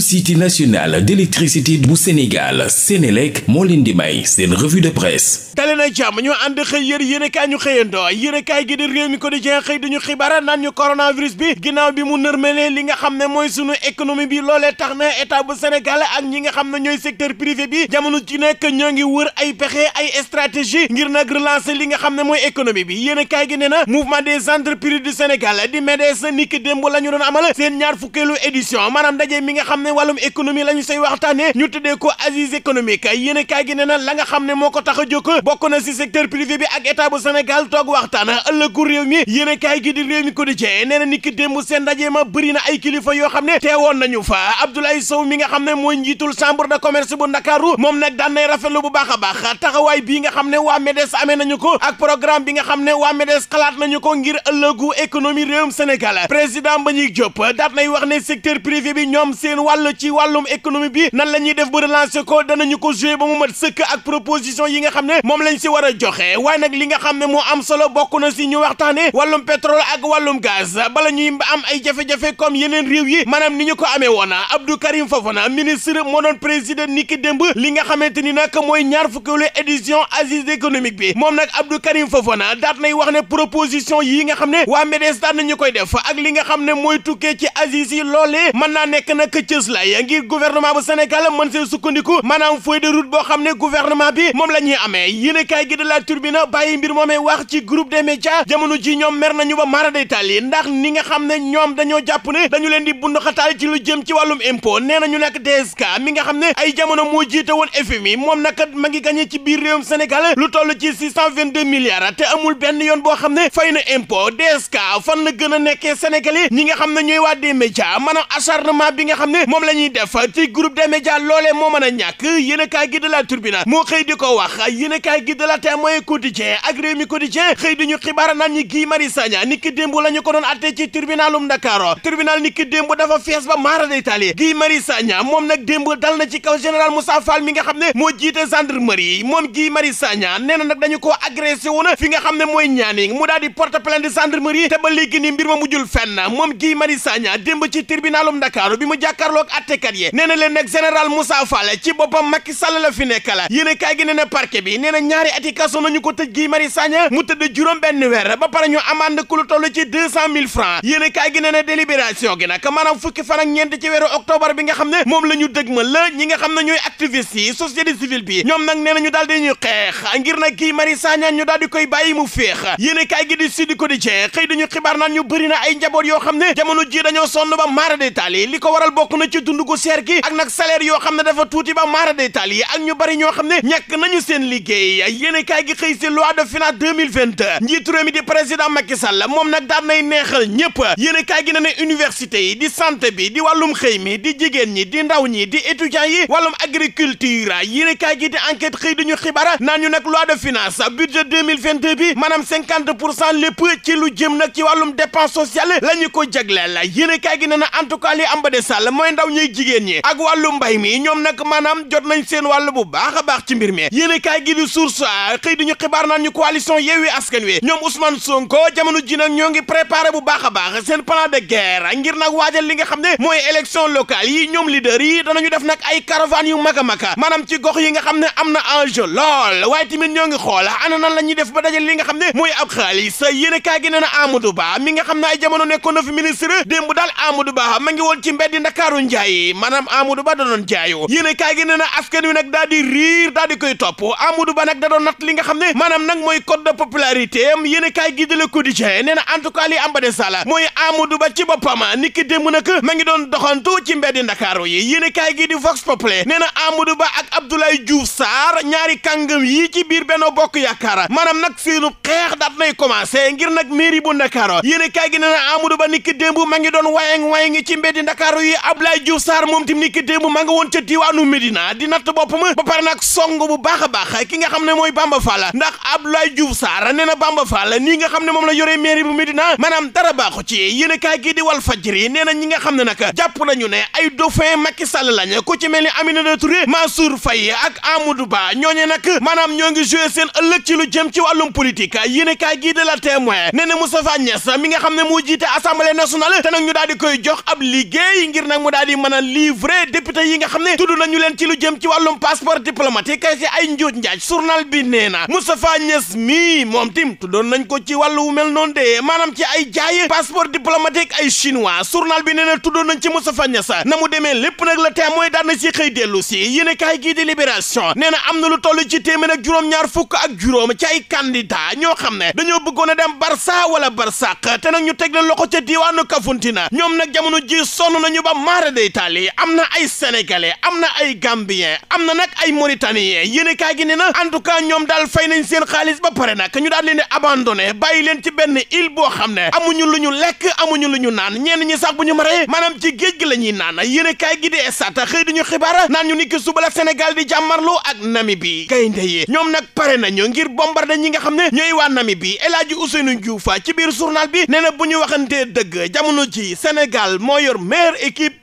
société nationale d'électricité bu Sénégal Sénélec moo leen di may seen revue de presse dale na jàmm ñu ànd xëy yër yéenekaay ñu xëyandoo yéenekaay gi di réew ko di jeex xëy duñu xibaar naan ñu coronavirus bi ginnaaw bi mu nërmelee li nga xam ne mooy sunu économie bi loolee tax na état bu Sénégal ak ñi nga xam ne ñooy secteur privé bi jamono ci ñoo ngi wër ay pexe ay stratégie ngir nag li nga xam ne mooy économie bi yéenekaay gi nee la ñu doon amal seen ñaar fukkeelu ne wàllum économie la ñu say waxtaane ñu tuddee ko assise économique yéen kaay gi ne na la nga xam ne moo ko tax a jóg bokk na si secteur privé bi ak état bu Sénégal toog waxtaan ëllëgu réew mi yéen kaay gi di réew mi ko di jee nee na ni ki démb seen ndaje ma bëri ay kilifa yoo xam ne teewoon nañu fa Abdoulaye Sow mi nga xam ne mooy njiitul chambre de commerce bu Ndakaaru moom nag daan nay rafetlu bu baax a baax taxawaay bii nga xam ne waa MEDES amee nañu ko ak bi nga xam ne waa MEDES xalaat nañu ko ngir ëllëgu économie réewum Sénégal président Mbagnick Diop daat nay wax ne secteur privé bi ñoom seen wàll ci wàllum économie bi nan la ñuy def ba relancer ko danañu ko joué ba mu mat sëkk ak proposition yi nga xam ne moom lañ si war a joxe waaye nag li nga xam ne moo am solo bokk na si ñu waxtaane wàllum pétrole ak wàllum gaz bala ñuy am ay jafe-jafe comme yeneen réew yi maanaam ni ñu ko amee woon Abdou Karim Fofana ministre moo doon président ni ki démb li nga ni nag mooy ñaar fukkeelu édition assise économique bi moom nag Abdou Karim Fofana daat nay wax ne proposition yi nga xam ne waa MEDES daat nañu koy def ak li nga xam ne mooy tukkee ci assise yi loolee mën naa nekk nag cëslaay ngir gouvernement bu Sénégal mën see sukkandiku maanaam feuille de route boo xam ne gouvernement bi moom la amee yéenekaay gi de la bàyyi mbir moomee wax ci groupe des médias jamono ji ñoom mer nañu ba mara day tàlli ndax ni nga xam ne ñoom dañoo jàpp ne dañu leen di bund xataal ci lu jëm ci wàllum impôt nee nañu nag DSK mi nga xam ne ay jamono moo jiite woon FMI moom nag ma ngi gagné ci biir réewum Sénégal lu toll ci 622 milliards boo xam ne fay a nekkee Sénégal yi ñi nga xam ne ñooy waa moom la ñuy def ci groupe des médias loolee moo mën a ñàkk yéen a la Tribune moo xëy di ko wax yéen a kaay gi de la Témoin Quotidien ak réew mi Quotidien xëy di ñu xibaar naan ñi Guy Marius Sagna ni ki démb la ñu ko doon atte ci tribunalum Dakar tribunal ni ki démb dafa fees ba maara day tali Guy mari Sagna moom nag démb dal na ci kaw général Moussa Fall mi nga xam ne moo jiite gendarmerie moom Guy mari Sagna nee na nag dañu koo agressé woon fi nga xam ne mooy ñaaning mu daal di porte plainte gendarmerie te ba léegi ni mbir ma mujjul fenn moom Guy Marius Sagna démb ci tribunalum Dakar bi mu jàkkaar jàkkaarloog attekat yi nee leen nag général Moussa Fall ci boppam Macky Sall la fi nekk la yéen a kaay gi nee na parquet bi nee na ñaari ati ko tëj Guy Marius Sagna mu tëdd juróom benn weer ba pare ñu amande ku lu toll ci deux cent mille francs yéen a kaay gi nee na délibération fukki fan ak ci weeru octobre bi nga xam ne moom la ñu dëgmal la ñi nga xam ne ñooy activiste yi société civile ñoom na ñu daal di ñu xeex ngir nag Guy Marius Sagna ñu daal di koy bàyyi mu a kaay gi di Sud xëy dañu xibaar yoo xam ne jamono li ko waral bokk na na ci dund gu seer gi ak nag salaire yoo xam ne dafa tuuti ba maara détaal yi ak ñu bari ñoo xam ne ñàkk nañu seen liggéey yéen kaay gi xëy si loi de finance 2022 njiitu réew mi di président Macky Sall moom nag daan nay neexal ñëpp yéen kaay gi na ne université yi di sant bi di wàllum xëy mi di jigéen ñi di ndaw ñi di étudiants yi wàllum agriculture yéen kaay gi di enquête xëy ñu xibaar naan ñu nag loi de finance budget 2022 bi maanaam cinquante pour cent lépp ci lu jëm nag ci wàllum dépense sociale la ñu ko jagleel yéen kaay en tout cas ndaw ñuy jigéen ñi ak wàllu mbay mi ñoom nag maanaam jot nañ seen wàll bu baax a baax ci mbir mi yéen a kaay gi di source xëy di ñu xibaar naan ñu coalition Yewwi Askan Wi ñoom Ousmane Sonko jamono ji nag ñoo ngi préparé bu baax a baax seen plan de guerre ngir nag waajal li nga xam ne mooy élection locale yi ñoom leader yi danañu def nag ay caravane yu mag a mag maanaam ci gox yi nga xam ne am na enjeu lool waaye tamit ñoo ngi xool la def ba dajal li nga xam ne mooy ab a na Amadou Ba mi nga xam ne ay jamono nekkoon na fi ministre démb daal Ba ma doon jaay maanaam Amadou Ba da doon a kaay gi nee na askan wi nag daa di riir daa di koy topp Amadou Ba nag da doon natt li nga xam ne maanaam nag mooy code de popularité am yéen a kaay gi de Le Quotidien nee na en tout cas li sala mooy Amadou ci boppam ni ki nag ma ngi doon Ndakaaru yi yéen a gi di Vox Populi nee na Amadou Ba ak Abdoulaye ñaari kàngam yi ci biir Benno Bokk Yaakaar maanaam nag seenu xeex daat nay commencé ngir nag mairie bu a kaay gi Abdoulaye Diouf Sarr ba a baax ne mooy Bamba Fall ndax Abdoulaye Diouf Sarr nee na Bamba Fall nii nga la yoree mairie bu Médina maanaam dara baaxu ci yéen kaay gi di wal fajri nee na ñi nga xam ay dauphin Macky Sall lañ ci mel ni Aminata Touré Mansour Faye ak Amadou Ba ñooñe nag maanaam ñoo ngi joué seen ëllëg ci lu jëm ci wàllum politique yéen kaay gi de la témoin nee na Moustapha Niasse mi nga xam ne moo jiite assemblée nationale te nag ñu daal koy jox ab liggéey ngir nag mu daal daal di mën a livrer yi nga xam ne tudd nañu leen ci lu jëm ci wàllum passeport diplomatique ci ay njuuj njaaj journal bi nee na Moustapha Niass mii moom tim tuddoon nañ ko ci wàllu mel noon de maanaam ci ay jaay passeport diplomatique ay chinois journal bi nee na tuddoon nañ ci Moustapha Niass na mu demee lépp nag la témoin daan na ci xëy dellu si yéen kaay gii di libération nee na am na lu toll ci téeméer juróom-ñaar fukk ak juróom ci ay candidat ñoo xam ne dañoo bëggoon a dem Barça wala Barsaq te nag ñu teg la loxo ca diwaanu Kafountine ñoom nag jamono ji sonn nañu daara day taali am na ay sénégalais am na ay gambien am na nag ay mauritanien yéen kaay gi ne na en tout cas ñoom daal fay nañ seen xaalis ba pare na ñu daal leen di abandonné bàyyi leen ci benn île boo xam ne amuñu lu ñu lekk amuñu lu ñu naan ñenn ñi sax bu ñu maree maanaam ci géej gi la ñuy naan yéen kaay gi di esata xëy duñu xibaar naan ñu ni ki suba la Sénégal di jàmmarloo ak Namibie gaynde yi ñoom nag pare nañu ngir bombardé ñi nga xam ne ñooy waa Namibie El Hadji Ousseynou Diouf ci biir journal bi nee na bu ñu waxantee dëgg jamono ji Sénégal moo yor meilleure équipe